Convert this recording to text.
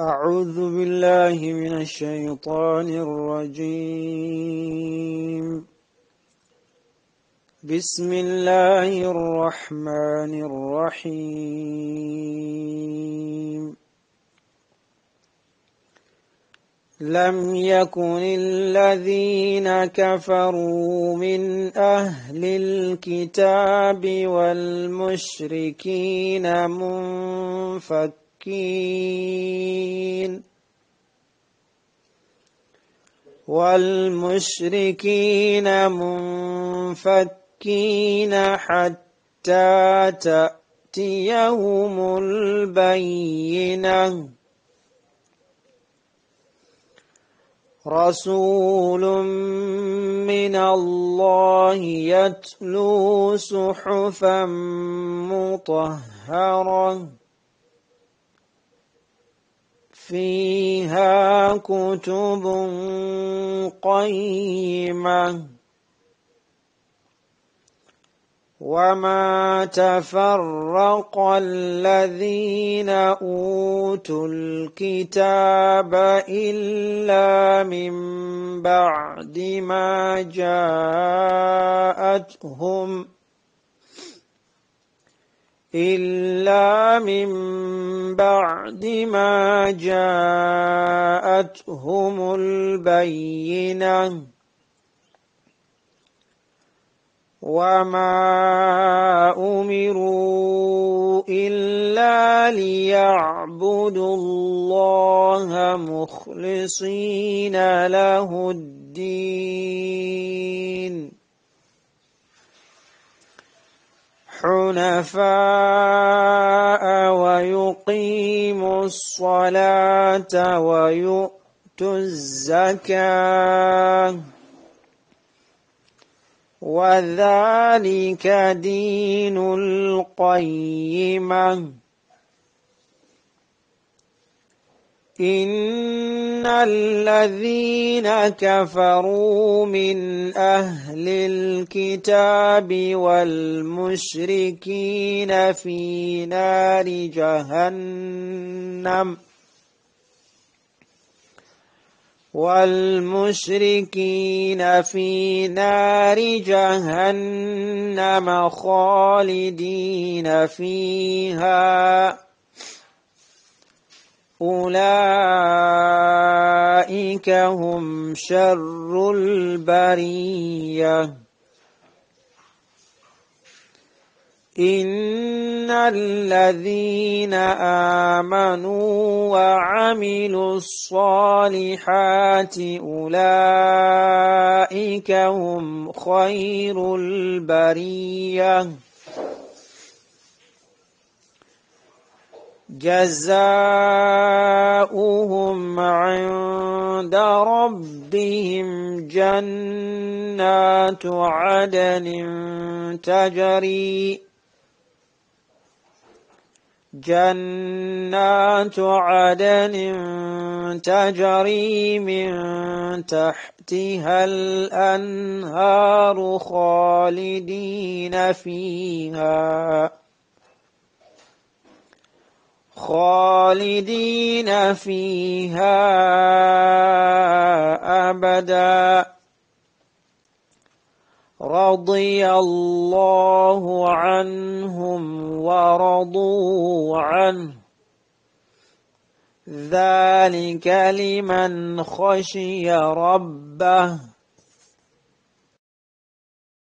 أعوذ بالله من الشيطان الرجيم بسم الله الرحمن الرحيم لم يكن الذين كفروا من أهل الكتاب والمشركين منفك المشركين والمشركين منفكين حتى تأتيهم البينة رسول من الله يتلو صحفا مطهره فيها كتب قيمة وما تفرق الذين أوتوا الكتاب إلا من بعد ما جاءتهم إلا من بعد ما جاءتهم البينة وما أمروا إلا ليعبدوا الله مخلصين له الدين الحنفاء ويقيموا الصلاة ويؤتوا الزكاة وذلك دين القيمه إن الذين كفروا من أهل الكتاب والمشركين في نار جهنم والمشركين في نار جهنم خالدين فيها أولئك هم شر البرية إن الذين آمنوا وعملوا الصالحات أولئك هم خير البريه جزاؤهم عند ربهم جنات عدن تجري جنات عدن تجري من تحتها الأنهار خالدين فيها خالدين فيها أبدا رضي الله عنهم ورضوا عنه ذلك لمن خشي ربه